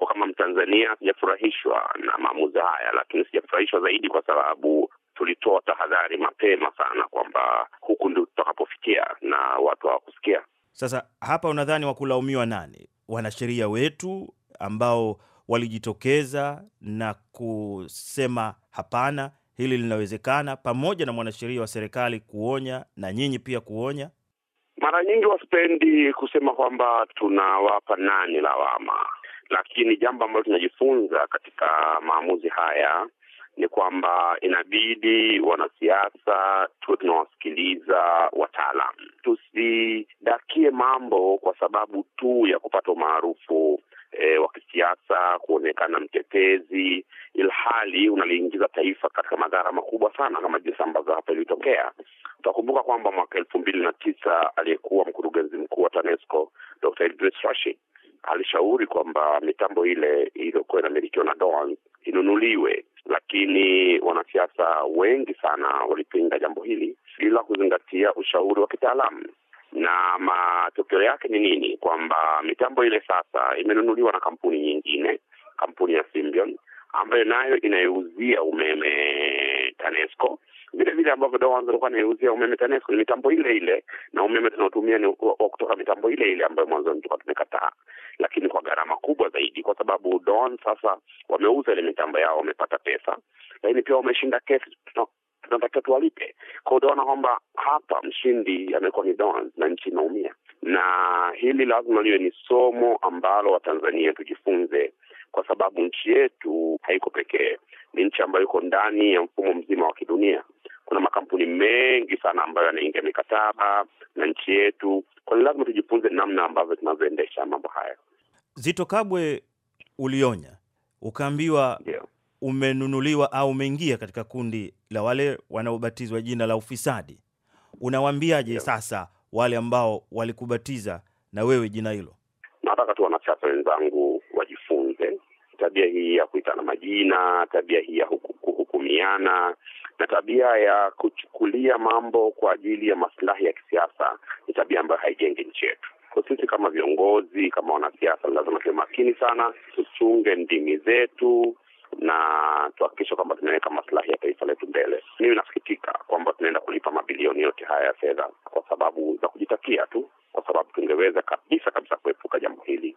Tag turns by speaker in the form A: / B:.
A: kwa kama Mtanzania sijafurahishwa na maamuzi haya, lakini sijafurahishwa zaidi kwa sababu tulitoa tahadhari mapema sana kwamba huku ndio tutakapofikia na watu
B: hawakusikia. Sasa hapa, unadhani wa kulaumiwa nani? Wanasheria wetu ambao walijitokeza na kusema hapana, hili linawezekana, pamoja na mwanasheria wa serikali kuonya na nyinyi pia kuonya.
A: Mara nyingi wasipendi kusema kwamba tunawapa nani lawama lakini jambo ambalo tunajifunza katika maamuzi haya ni kwamba inabidi wanasiasa tuwe tunawasikiliza wataalam, tusidakie mambo kwa sababu tu ya kupata umaarufu e, wa kisiasa, kuonekana mtetezi, ilhali unaliingiza taifa katika madhara makubwa sana, kama jinsi ambavyo hapa ilitokea. Utakumbuka kwamba mwaka elfu mbili na tisa aliyekuwa mkurugenzi mkuu wa TANESCO Dr. Idris Rashid alishauri kwamba mitambo ile iliyokuwa inamilikiwa na Doan inunuliwe, lakini wanasiasa wengi sana walipinga jambo hili bila kuzingatia ushauri wa kitaalamu na matokeo yake ni nini? Kwamba mitambo ile sasa imenunuliwa na kampuni nyingine, kampuni ya Symbion ambayo nayo inayeuzia umeme TANESCO vile vile ambavyo Doha alikuwa anaiuzia umeme TANESCO ni mitambo ile ile, na umeme tunaotumia ni wa kutoka mitambo ile ile ambayo mwanzoni tulikuwa tumekataa, lakini kwa gharama kubwa zaidi, kwa sababu Doha sasa wameuza ile mitambo yao, wamepata pesa, lakini pia wameshinda kesi tunatakiwa tuwalipe. Kwa hiyo kwamba hapa mshindi amekuwa ni Dons na nchi inaumia, na hili lazima liwe ni somo ambalo Watanzania tujifunze, kwa sababu nchi yetu haiko pekee, ni nchi ambayo iko ndani ya mfumo mzima wa kidunia kuna makampuni mengi sana ambayo yanaingia mikataba na nchi yetu. Kwa hiyo lazima tujifunze namna ambavyo tunavyoendesha mambo haya.
B: Zito Kabwe ulionya ukaambiwa, yeah. Umenunuliwa au umeingia katika kundi la wale wanaobatizwa jina la ufisadi. Unawaambiaje yeah. Sasa wale ambao walikubatiza na wewe jina hilo? Nataka tu wanasiasa
A: wenzangu wajifunze tabia hii ya kuitana majina, tabia hii ya kuhukumiana na tabia ya kuchukulia mambo kwa ajili ya maslahi ya kisiasa ni tabia ambayo haijengi nchi yetu. Kwa sisi kama viongozi, kama wanasiasa, lazima tuwe makini sana, tuchunge ndimi zetu na tuhakikishe kwamba tunaweka maslahi ya taifa letu mbele. Mimi nasikitika kwamba tunaenda kulipa mabilioni yote haya ya fedha kwa sababu za kujitakia tu, kwa sababu tungeweza kabisa kabisa kuepuka jambo hili